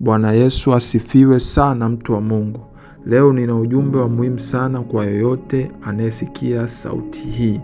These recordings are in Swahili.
Bwana Yesu asifiwe sana, mtu wa Mungu. Leo nina ujumbe wa muhimu sana kwa yoyote anayesikia sauti hii.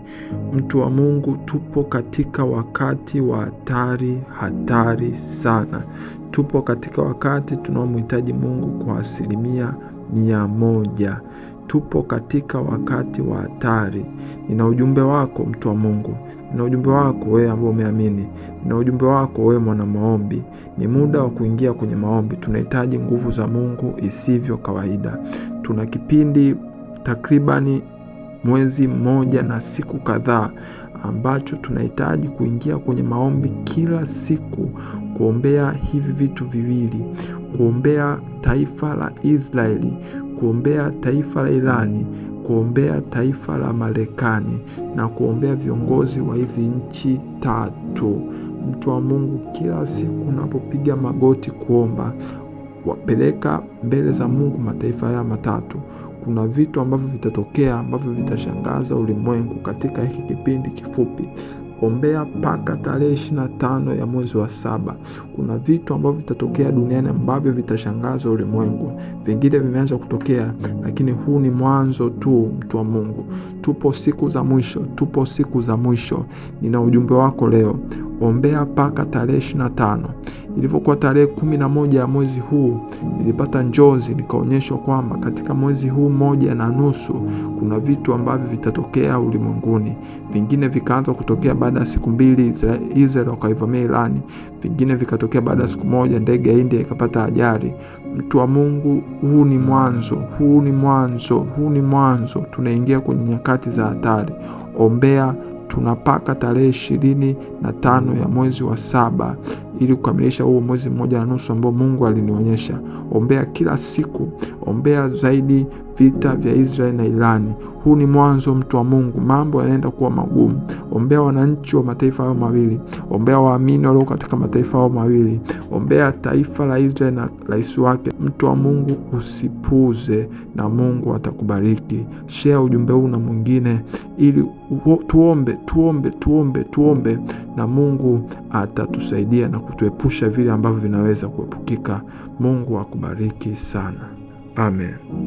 Mtu wa Mungu, tupo katika wakati wa hatari, hatari sana. Tupo katika wakati tunaomhitaji Mungu kwa asilimia mia moja. Tupo katika wakati wa hatari. Nina ujumbe wako mtu wa Mungu, nina ujumbe wako wewe ambao umeamini, nina ujumbe wako wewe mwana maombi. Ni muda wa kuingia kwenye maombi. Tunahitaji nguvu za Mungu isivyo kawaida. Tuna kipindi takribani mwezi mmoja na siku kadhaa ambacho tunahitaji kuingia kwenye maombi kila siku, kuombea hivi vitu viwili, kuombea taifa la Israeli kuombea taifa la Irani, kuombea taifa la Marekani na kuombea viongozi wa hizi nchi tatu. Mtu wa Mungu, kila siku unapopiga magoti kuomba, wapeleka mbele za Mungu mataifa haya matatu. Kuna vitu ambavyo vitatokea ambavyo vitashangaza ulimwengu katika hiki kipindi kifupi ombea mpaka tarehe ishirini na tano ya mwezi wa saba. Kuna vitu ambavyo vitatokea duniani ambavyo vitashangaza ulimwengu. Vingine vimeanza kutokea, lakini huu ni mwanzo tu, mtu wa Mungu. Tupo siku za mwisho, tupo siku za mwisho. Nina ujumbe wako leo, ombea mpaka tarehe ishirini na tano. Ilivyokuwa tarehe kumi na moja ya mwezi huu nilipata njozi, nikaonyeshwa kwamba katika mwezi huu moja na nusu kuna vitu ambavyo vitatokea ulimwenguni. Vingine vikaanza kutokea baada ya siku mbili, Israel wakaivamia Irani. Vingine vikatokea baada ya siku moja, ndege ya India ikapata ajali. Mtu wa Mungu, huu ni mwanzo, huu ni mwanzo, huu ni mwanzo. Tunaingia kwenye nyakati za hatari. Ombea tunapaka tarehe ishirini na tano ya mwezi wa saba ili kukamilisha huo mwezi mmoja na nusu ambao Mungu alinionyesha. Ombea kila siku, ombea zaidi vita vya Israeli na Irani. Huu ni mwanzo, mtu wa Mungu, mambo yanaenda kuwa magumu. Ombea wananchi wa mataifa hayo mawili, ombea waamini walio katika mataifa hayo mawili, ombea taifa la Israeli na rais wake. Mtu wa Mungu, usipuze na Mungu atakubariki. Share ujumbe huu na mwingine, ili tuombe, tuombe, tuombe, tuombe na Mungu atatusaidia na kutuepusha vile ambavyo vinaweza kuepukika. Mungu akubariki sana. Amen.